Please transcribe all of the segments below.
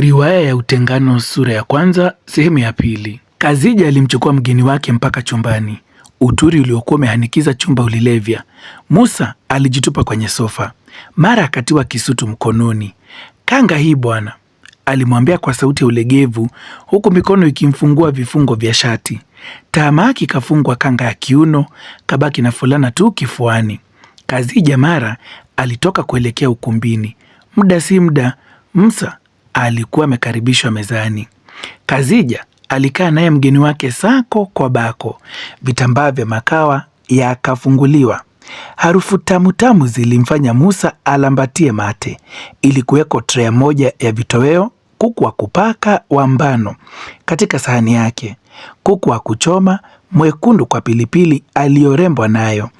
Riwaya ya Utengano sura ya kwanza sehemu ya pili. Kazija alimchukua mgeni wake mpaka chumbani. Uturi uliokuwa umehanikiza chumba ulilevya. Musa alijitupa kwenye sofa, mara akatiwa kisutu mkononi. Kanga hii bwana, alimwambia kwa sauti ya ulegevu, huku mikono ikimfungua vifungo vya shati. tamaki kafungwa kanga ya kiuno, kabaki na fulana tu kifuani. Kazija mara alitoka kuelekea ukumbini. Muda si muda Musa alikuwa amekaribishwa mezani. Kazija alikaa naye mgeni wake sako kwa bako. Vitambaa vya makawa yakafunguliwa. Harufu tamu tamu zilimfanya Musa alambatie mate. Ilikuweko trea moja ya vitoweo, kuku wa kupaka wa mbano katika sahani yake, kuku wa kuchoma mwekundu kwa pilipili aliyorembwa nayo,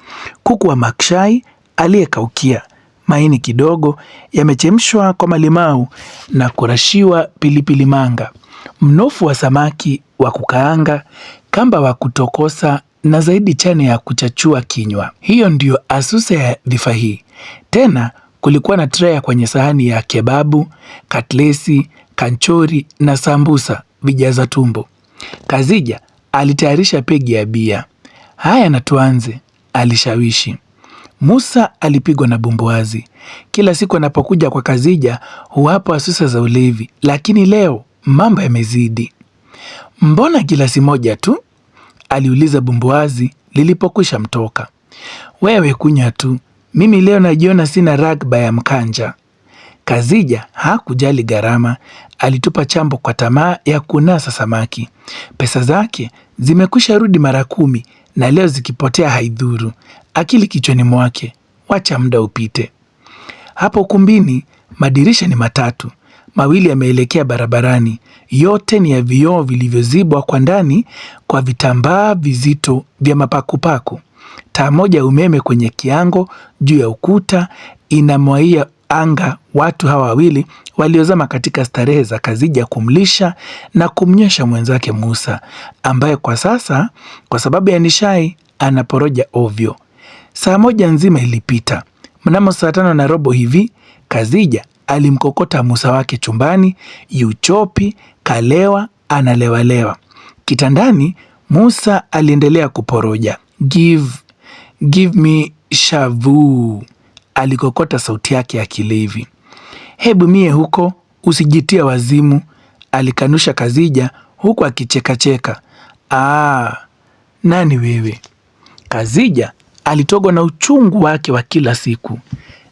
kuku wa makshai aliyekaukia maini kidogo, yamechemshwa kwa malimau na kurashiwa pilipili manga, mnofu wa samaki wa kukaanga, kamba wa kutokosa na zaidi chane ya kuchachua kinywa. Hiyo ndiyo asusa ya dhifa hii. Tena kulikuwa na treya kwenye sahani ya kebabu, katlesi, kanchori na sambusa vijaza tumbo. Kazija alitayarisha pegi ya bia. Haya, na tuanze, alishawishi. Musa alipigwa na bumbuazi. Kila siku anapokuja kwa Kazija huwapa asusa za ulevi, lakini leo mambo yamezidi. Mbona gilasi moja tu? aliuliza bumbuazi lilipokwisha mtoka. Wewe kunywa tu, mimi leo najiona sina ragba ya mkanja. Kazija hakujali gharama, alitupa chambo kwa tamaa ya kunasa samaki. Pesa zake zimekwisha rudi mara kumi na leo zikipotea haidhuru, akili kichwani mwake, wacha muda upite. Hapo ukumbini, madirisha ni matatu, mawili yameelekea barabarani, yote ni ya vioo vilivyozibwa kwa ndani kwa vitambaa vizito vya mapakupaku. Taa moja ya umeme kwenye kiango juu ya ukuta inamwaia anga watu hawa wawili waliozama katika starehe za Kazija kumlisha na kumnywesha mwenzake Musa, ambaye kwa sasa kwa sababu ya nishai anaporoja ovyo. Saa moja nzima ilipita. Mnamo saa tano na robo hivi Kazija alimkokota Musa wake chumbani, yuchopi kalewa, analewalewa kitandani. Musa aliendelea kuporoja give, give me shavu, alikokota sauti yake ya kilevi. Hebu mie huko, usijitia wazimu, alikanusha Kazija huku akichekacheka. Aa, nani wewe? Kazija alitogwa na uchungu wake wa kila siku.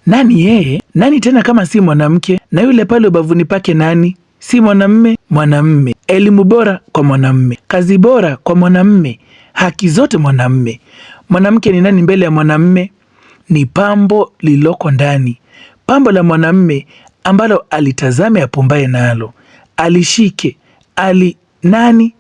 Nani yeye? Nani tena kama si mwanamke? Na yule pale ubavuni pake nani si mwanamme? Mwanamme. Elimu bora kwa mwanamme, kazi bora kwa mwanamme, haki zote mwanamme. Mwanamke ni nani mbele ya mwanamme? Ni pambo lililoko ndani, pambo la mwanamme ambalo alitazame apumbaye nalo, alishike ali nani?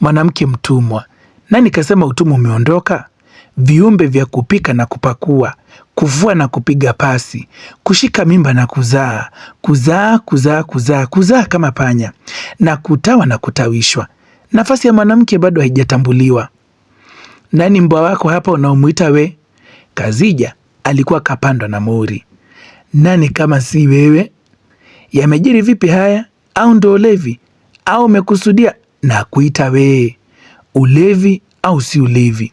Mwanamke mtumwa. Nani kasema utumwa umeondoka? viumbe vya kupika na kupakua, kuvua na kupiga pasi, kushika mimba na kuzaa, kuzaa kuzaa kuzaa kuzaa kama panya na kutawa na kutawishwa. Nafasi ya mwanamke bado haijatambuliwa. Nani mbwa wako hapa unaomuita we? Kazija alikuwa kapandwa na mori. Nani kama si wewe? Yamejiri vipi haya? Au ndo ulevi au umekusudia na kuita wee? Ulevi au si ulevi?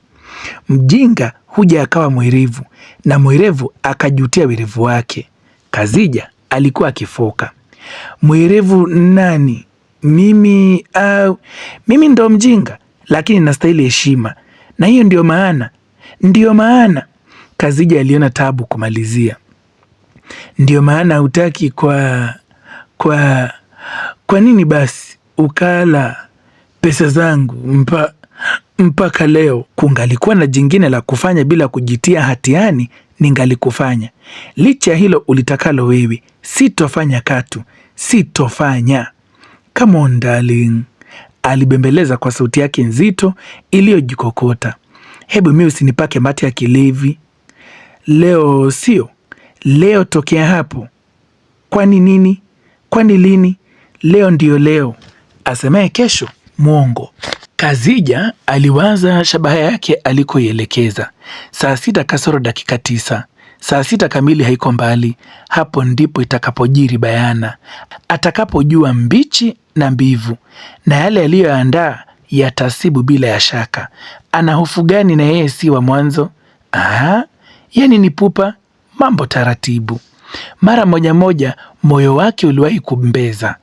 Mjinga huja akawa mwerevu na mwerevu akajutia werevu wake. Kazija alikuwa akifoka. Mwerevu nani? Mimi uh, mimi ndo mjinga, lakini nastahili heshima, na hiyo ndio maana, ndiyo maana Kazija aliona tabu kumalizia. Ndiyo maana hutaki kwa kwa kwa nini basi ukala pesa zangu mpa mpaka leo kungalikuwa na jingine la kufanya bila kujitia hatiani, ningalikufanya. Licha ya hilo ulitakalo wewe, sitofanya katu, sitofanya. Come on darling, alibembeleza kwa sauti yake nzito iliyojikokota. Hebu mi usinipake mate ya kilevi leo, sio leo, tokea hapo. Kwani nini? Kwani lini? Leo ndiyo leo, asemaye kesho mwongo. Kazija aliwaza shabaha yake alikoielekeza. Saa sita kasoro dakika tisa, saa sita kamili haiko mbali. Hapo ndipo itakapojiri bayana, atakapojua mbichi na mbivu, na yale aliyoandaa yatasibu bila ya shaka. Ana hofu gani? Na yeye si wa mwanzo. Aha, yani ni pupa. Mambo taratibu. Mara moja moja moyo wake uliwahi kumbeza.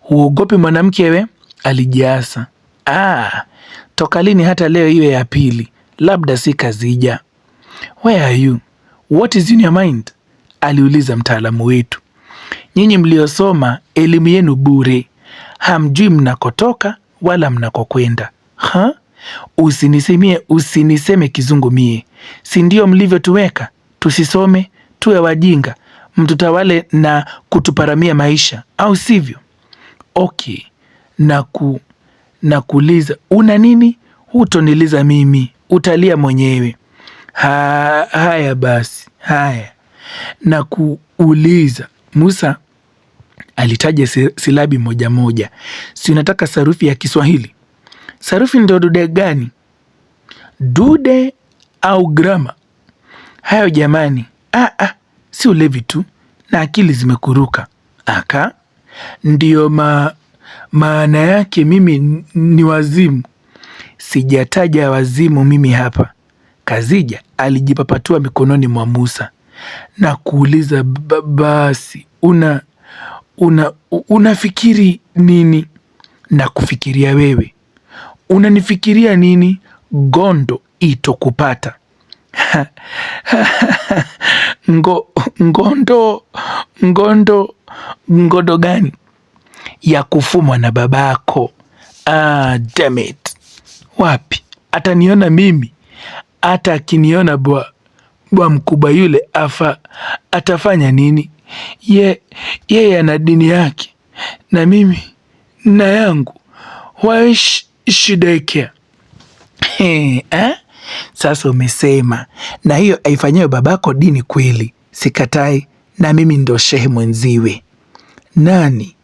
Huogopi mwanamke we? Alijiasa. Ah, toka lini hata leo iwe ya pili? Labda si kazija. Where are you? What is in your mind? aliuliza mtaalamu wetu. Nyinyi mliosoma elimu yenu bure, hamjui mnakotoka wala mnakokwenda. Ha? Usinisemie, usiniseme kizungu mie, si ndio mlivyotuweka tusisome tuwe wajinga mtutawale na kutuparamia maisha, au sivyo? Okay, na ku na kuuliza una nini, hutoniliza mimi, utalia mwenyewe. Ha, haya basi, haya na kuuliza. Musa alitaja silabi moja moja, si unataka sarufi ya Kiswahili? Sarufi ndio dude gani? Dude au grama? Hayo jamani, ah, ah, si ulevi tu na akili zimekuruka. Aka ndio ma maana yake mimi ni wazimu. Sijataja wazimu mimi hapa. kazija alijipapatua mikononi mwa Musa na kuuliza, basi una una unafikiri nini? Na kufikiria wewe, unanifikiria nini? Gondo itokupata Ngo, ngondo ngondo ngondo gani? ya kufumwa na babako. Ah, damn it. Wapi ataniona mimi? Hata akiniona bwa bwa mkubwa yule afa atafanya nini? Ye yeye ana dini yake na mimi na yangu, why should I care? eh? Sasa umesema na hiyo aifanyayo babako dini kweli, sikatai, na mimi ndo shehe mwenziwe nani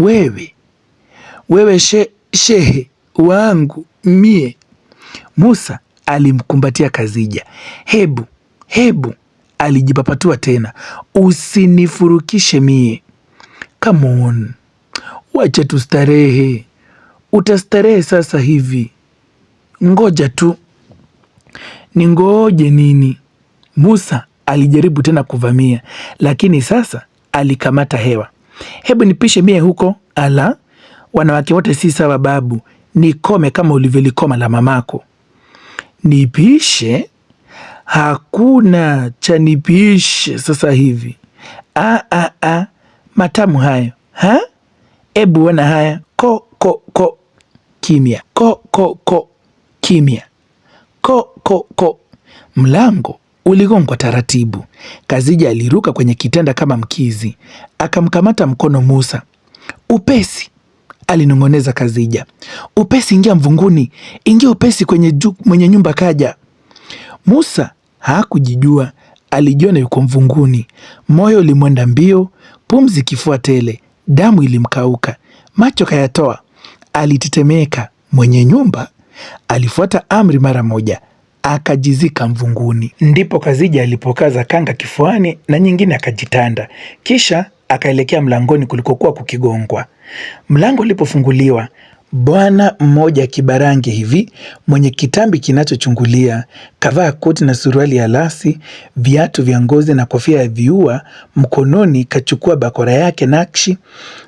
wewe wewe she, shehe wangu mie. Musa alimkumbatia kazija Hebu hebu, alijipapatua tena, usinifurukishe mie. Come on, wacha tustarehe. Utastarehe sasa hivi, ngoja tu ningoje nini? Musa alijaribu tena kuvamia, lakini sasa alikamata hewa hebu nipishe mie huko. Ala, wanawake wote si sawa babu, nikome kama ulivyolikoma la mamako. Nipishe? Hakuna cha nipishe sasa hivi. A, a, a, matamu hayo ha? hebu ona haya, ko ko ko kimya, ko ko ko kimya, ko ko ko mlango Uligongwa taratibu. Kazija aliruka kwenye kitanda kama mkizi, akamkamata mkono Musa. Upesi, alinong'oneza Kazija, upesi, ingia mvunguni, ingia upesi kwenye juu, mwenye nyumba kaja. Musa hakujijua, alijiona yuko mvunguni. Moyo ulimwenda mbio, pumzi kifua tele, damu ilimkauka, macho kayatoa, alitetemeka. Mwenye nyumba alifuata amri mara moja, akajizika mvunguni. Ndipo Kazija alipokaza kanga kifuani na nyingine akajitanda, kisha akaelekea mlangoni kulikokuwa kukigongwa. Mlango ulipofunguliwa Bwana mmoja kibarange hivi, mwenye kitambi kinachochungulia, kavaa koti na suruali ya lasi, viatu vya ngozi na kofia ya viua, mkononi kachukua bakora yake nakshi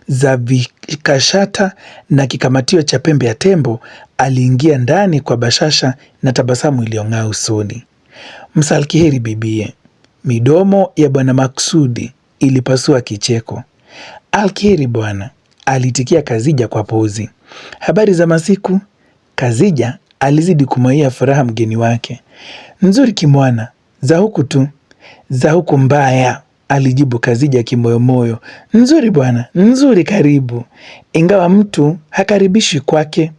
za vikashata na kikamatio cha pembe ya tembo, aliingia ndani kwa bashasha na tabasamu iliyong'aa usoni. Msalkiheri bibie. Midomo ya Bwana Maksudi ilipasua kicheko. Alkiheri bwana, alitikia Kazija kwa pozi. Habari za masiku, Kazija alizidi kumwaia furaha mgeni wake. Nzuri kimwana, za huku tu, za huku mbaya, alijibu Kazija kimoyomoyo. Nzuri bwana, nzuri, karibu, ingawa mtu hakaribishi kwake.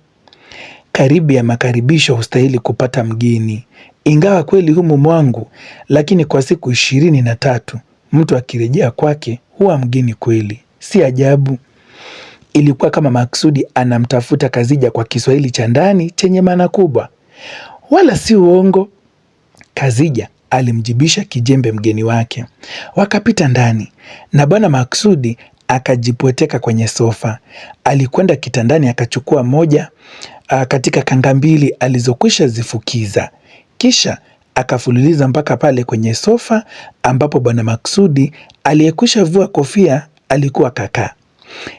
Karibu ya makaribisho hustahili kupata mgeni, ingawa kweli humu mwangu, lakini kwa siku ishirini na tatu mtu akirejea kwake huwa mgeni kweli, si ajabu. Ilikuwa kama maksudi anamtafuta Kazija kwa Kiswahili cha ndani chenye maana kubwa. Wala si uongo, Kazija alimjibisha kijembe mgeni wake. Wakapita ndani na bwana Maksudi akajipweteka kwenye sofa. Alikwenda kitandani akachukua moja ah, katika kanga mbili alizokwisha zifukiza, kisha akafululiza mpaka pale kwenye sofa ambapo bwana Maksudi aliyekwisha vua kofia alikuwa kakaa.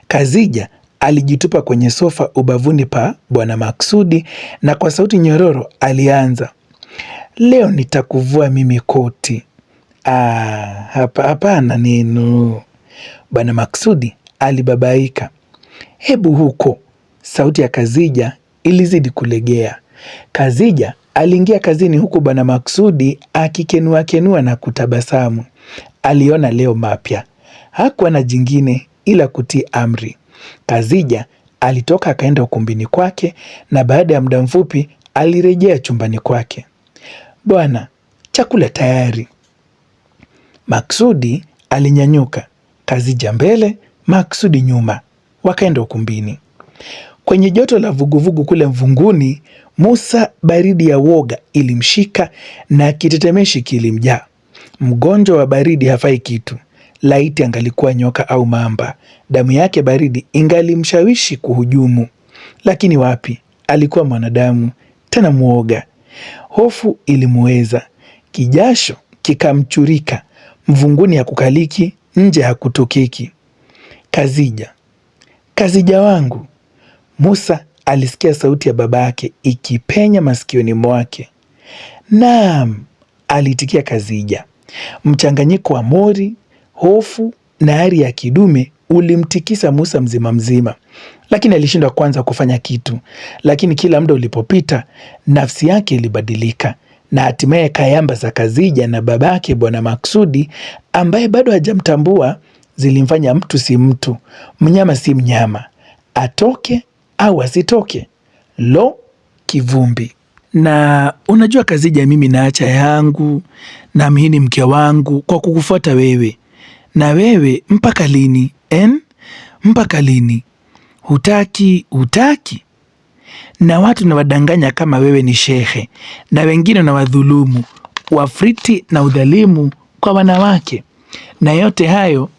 Kazija alijitupa kwenye sofa ubavuni pa Bwana Maksudi na kwa sauti nyororo alianza, leo nitakuvua mimi koti. Ah, hapa hapana neno. Bwana Maksudi alibabaika. Hebu huko. Sauti ya Kazija ilizidi kulegea. Kazija aliingia kazini huku Bwana Maksudi akikenuakenua na kutabasamu. Aliona leo mapya, hakuwa na jingine ila kutii amri. Kazija alitoka akaenda ukumbini kwake na baada ya muda mfupi alirejea chumbani kwake. Bwana, chakula tayari. Maksudi alinyanyuka, Kazija mbele, Maksudi nyuma, wakaenda ukumbini. Kwenye joto la vuguvugu kule mvunguni, Musa baridi ya woga ilimshika na kitetemeshi kilimjaa. Mgonjwa wa baridi hafai kitu. Laiti angalikuwa nyoka au mamba, damu yake baridi ingalimshawishi kuhujumu. Lakini wapi, alikuwa mwanadamu, tena mwoga. Hofu ilimuweza, kijasho kikamchurika, mvunguni hakukaliki, nje hakutokeki. Kazija, Kazija wangu! Musa alisikia sauti ya baba yake ikipenya masikioni mwake. Naam, alitikia Kazija. Mchanganyiko wa mori hofu na ari ya kidume ulimtikisa Musa mzima mzima, lakini alishindwa kwanza kufanya kitu. Lakini kila muda ulipopita, nafsi yake ilibadilika na hatimaye kayamba za Kazija na babake Bwana Maksudi ambaye bado hajamtambua zilimfanya mtu si mtu, mnyama si mnyama, atoke au asitoke. Lo, kivumbi! Na unajua Kazija, mimi naacha yangu, namhini mke wangu kwa kukufuata wewe na wewe mpaka lini n mpaka lini? Hutaki, hutaki. Na watu nawadanganya kama wewe ni shehe, na wengine wadhulumu wafriti na udhalimu kwa wanawake, na yote hayo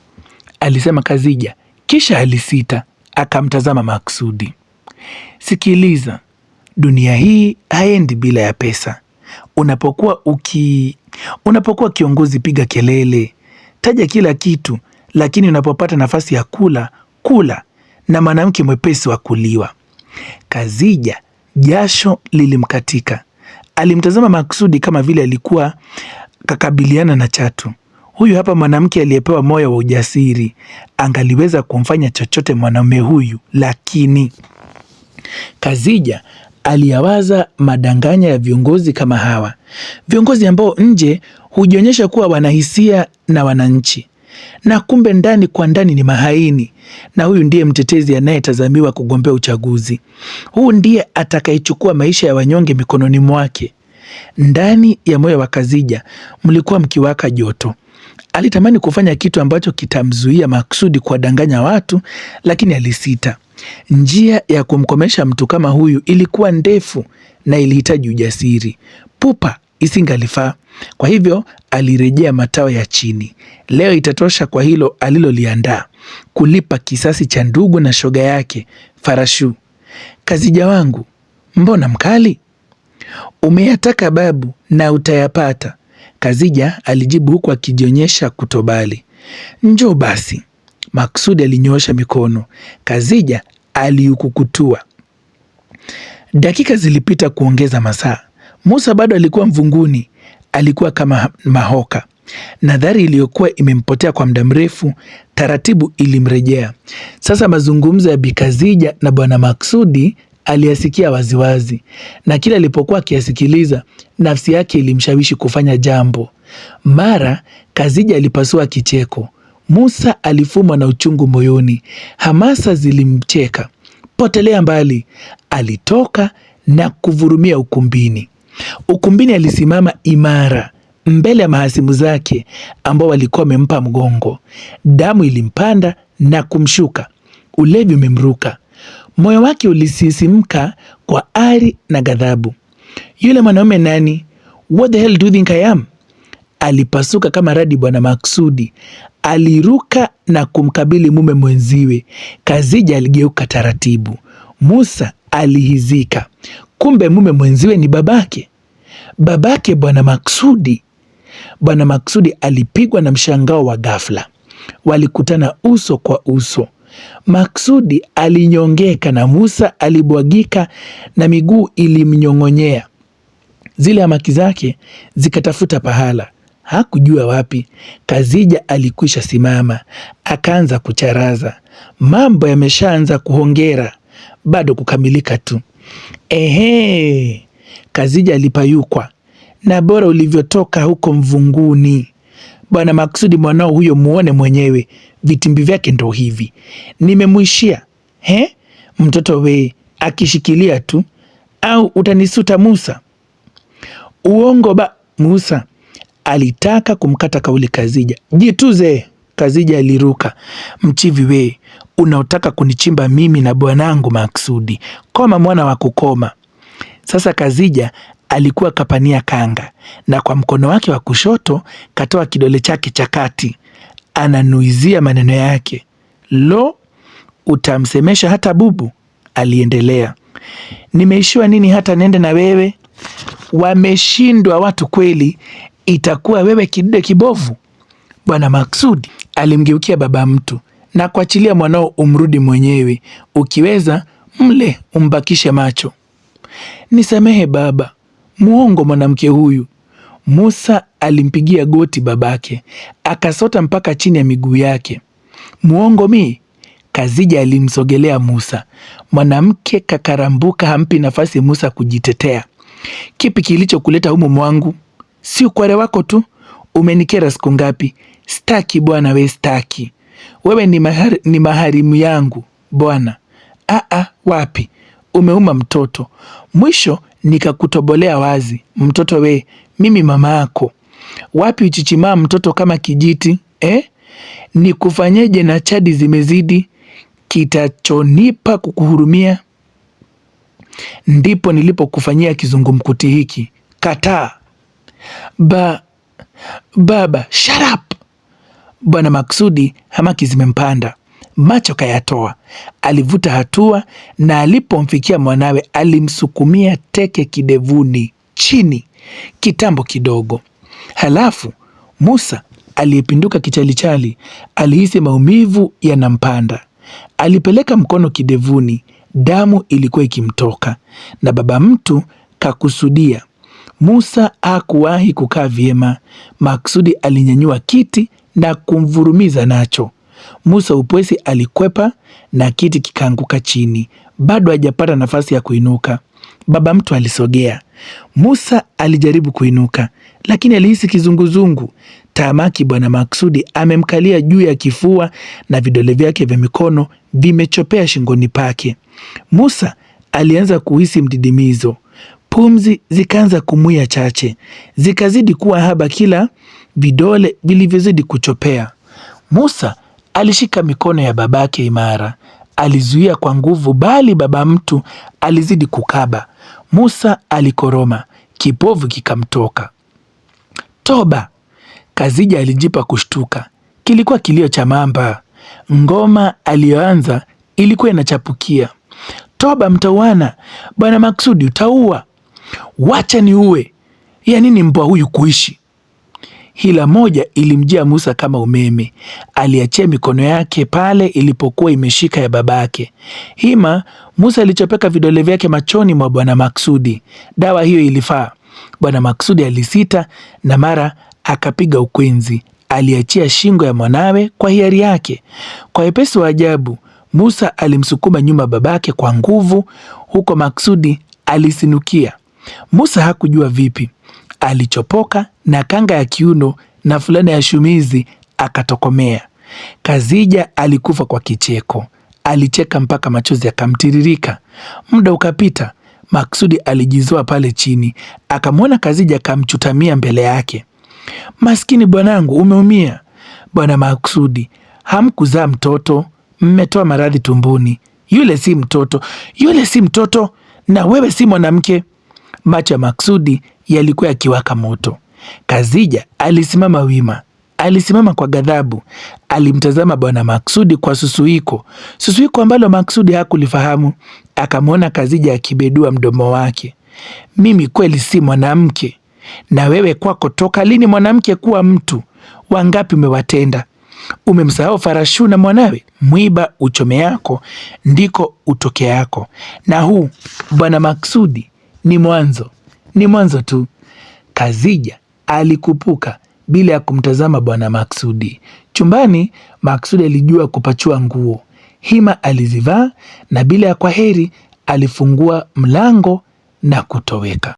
alisema kazija kisha alisita, akamtazama Maksudi. Sikiliza, dunia hii haendi bila ya pesa. Unapokuwa uki unapokuwa kiongozi, piga kelele, taja kila kitu, lakini unapopata nafasi ya kula kula na mwanamke mwepesi wa kuliwa. Kazija jasho lilimkatika, alimtazama maksudi kama vile alikuwa kakabiliana na chatu. Huyu hapa mwanamke aliyepewa moyo wa ujasiri, angaliweza kumfanya chochote mwanaume huyu. Lakini Kazija aliyawaza madanganya ya viongozi kama hawa, viongozi ambao nje hujionyesha kuwa wanahisia na wananchi, na kumbe ndani kwa ndani ni mahaini, na huyu ndiye mtetezi anayetazamiwa kugombea uchaguzi huu. Ndiye atakayechukua maisha ya wanyonge mikononi mwake. Ndani ya moyo wa Kazija mlikuwa mkiwaka joto. Alitamani kufanya kitu ambacho kitamzuia maksudi kuwadanganya watu, lakini alisita. Njia ya kumkomesha mtu kama huyu ilikuwa ndefu na ilihitaji ujasiri. Pupa isingalifaa. Kwa hivyo alirejea matao ya chini. Leo itatosha kwa hilo aliloliandaa, kulipa kisasi cha ndugu na shoga yake Farashu. Kazija wangu, mbona mkali? Umeyataka babu na utayapata, Kazija alijibu huku akijionyesha kutobali. Njoo basi. Maksudi alinyoosha mikono, Kazija aliukukutua. Dakika zilipita kuongeza masaa. Musa bado alikuwa mvunguni, alikuwa kama mahoka. Nadhari iliyokuwa imempotea kwa muda mrefu taratibu ilimrejea. Sasa mazungumzo ya Bikazija na Bwana Maksudi aliyasikia waziwazi, na kila alipokuwa akiyasikiliza nafsi yake ilimshawishi kufanya jambo. Mara Kazija alipasua kicheko. Musa alifumwa na uchungu moyoni, hamasa zilimcheka. Potelea mbali, alitoka na kuvurumia ukumbini. Ukumbini alisimama imara mbele ya mahasimu zake ambao walikuwa wamempa mgongo. Damu ilimpanda na kumshuka, ulevi umemruka, moyo wake ulisisimka kwa ari na ghadhabu. Yule mwanaume nani? What the hell do you think I am? Alipasuka kama radi. Bwana Maksudi aliruka na kumkabili mume mwenziwe. Kazija aligeuka taratibu. Musa alihizika kumbe mume mwenziwe ni babake. Babake Bwana Maksudi. Bwana Maksudi alipigwa na mshangao wa ghafla, walikutana uso kwa uso. Maksudi alinyongeka na Musa alibwagika na miguu ilimnyong'onyea. Zile hamaki zake zikatafuta pahala, hakujua wapi. Kazija alikwisha simama, akaanza kucharaza. Mambo yameshaanza kuhongera, bado kukamilika tu. Ehe, Kazija alipayukwa na bora ulivyotoka huko mvunguni bwana Maksudi, mwanao huyo muone mwenyewe, vitimbi vyake ndo hivi nimemwishia. He, mtoto we akishikilia tu, au utanisuta Musa. Uongo ba Musa alitaka kumkata kauli Kazija, jituze Kazija aliruka, mchivi we, unaotaka kunichimba mimi na bwanangu maksudi, koma mwana wa kukoma. Sasa Kazija alikuwa kapania kanga, na kwa mkono wake wa kushoto katoa kidole chake cha kati, ananuizia maneno yake. Lo, utamsemesha hata bubu? Aliendelea, nimeishiwa nini hata nende na wewe? Wameshindwa watu kweli, itakuwa wewe kidude kibovu, bwana Maksudi alimgeukia baba mtu na kuachilia mwanao umrudi mwenyewe, ukiweza mle umbakishe macho. Nisamehe baba, muongo mwanamke huyu. Musa alimpigia goti babake akasota mpaka chini ya miguu yake. Muongo mi? Kazija alimsogelea Musa. Mwanamke kakarambuka, hampi nafasi Musa kujitetea. Kipi kilichokuleta humu mwangu? Si ukware wako tu umenikera siku ngapi? Staki bwana we staki, wewe ni, mahari, ni maharimu yangu bwana. Aa, wapi umeuma mtoto. Mwisho nikakutobolea wazi, mtoto we, mimi mama yako. Wapi uchichimaa mtoto kama kijiti eh? Nikufanyeje na chadi zimezidi, kitachonipa kukuhurumia ndipo nilipokufanyia kizungumkuti hiki. Kataa ba, baba shut up. Bwana Maksudi hamaki zimempanda, macho kayatoa, alivuta hatua na alipomfikia mwanawe alimsukumia teke kidevuni chini kitambo kidogo. Halafu Musa aliyepinduka kichalichali alihisi maumivu yanampanda, alipeleka mkono kidevuni, damu ilikuwa ikimtoka, na baba mtu kakusudia. Musa hakuwahi kukaa vyema. Maksudi alinyanyua kiti na kumvurumiza nacho. Musa upwesi alikwepa na kiti kikaanguka chini. Bado hajapata nafasi ya kuinuka. Baba mtu alisogea. Musa alijaribu kuinuka, lakini alihisi kizunguzungu. Taamaki Bwana Maksudi amemkalia juu ya kifua na vidole vyake vya mikono vimechopea shingoni pake. Musa alianza kuhisi mdidimizo, pumzi zikaanza kumwia chache, zikazidi kuwa haba kila vidole vilivyozidi kuchopea. Musa alishika mikono ya babake imara, alizuia kwa nguvu, bali baba mtu alizidi kukaba. Musa alikoroma, kipovu kikamtoka. Toba! Kazija alijipa kushtuka. Kilikuwa kilio cha mamba. Ngoma aliyoanza ilikuwa inachapukia. Toba mtauana, bwana Maksudi, utaua. Wacha uwe ya nini mbwa huyu kuishi? Hila moja ilimjia Musa kama umeme. Aliachia mikono yake pale ilipokuwa imeshika ya babake. Hima Musa alichopeka vidole vyake machoni mwa Bwana Maksudi. Dawa hiyo ilifaa. Bwana Maksudi alisita na mara akapiga ukwenzi. Aliachia shingo ya mwanawe kwa hiari yake. Kwa wepesi wa ajabu, Musa alimsukuma nyuma babake kwa nguvu, huko Maksudi alisinukia. Musa hakujua vipi alichopoka na kanga ya kiuno na fulana ya shumizi akatokomea. Kazija alikufa kwa kicheko, alicheka mpaka machozi yakamtiririka. Muda ukapita, Maksudi alijizoa pale chini, akamwona Kazija akamchutamia mbele yake. Maskini bwanangu, umeumia bwana Maksudi, hamkuzaa mtoto, mmetoa maradhi tumbuni Yule si mtoto, yule si mtoto, na wewe si mwanamke. Macho ya Maksudi yalikuwa yakiwaka moto. Kazija alisimama wima, alisimama kwa ghadhabu, alimtazama bwana Maksudi kwa susuiko, susuiko ambalo Maksudi hakulifahamu. Akamwona Kazija akibedua mdomo wake. Mimi kweli si mwanamke? Na wewe kwako, toka lini mwanamke kuwa mtu? Wangapi umewatenda? Umemsahau Farashu na mwanawe? Mwiba uchome yako ndiko utoke yako. Na huu bwana Maksudi ni mwanzo, ni mwanzo tu. Kazija Alikupuka bila ya kumtazama bwana Maksudi. Chumbani, Maksudi alijua kupachua nguo. Hima alizivaa na bila ya kwaheri alifungua mlango na kutoweka.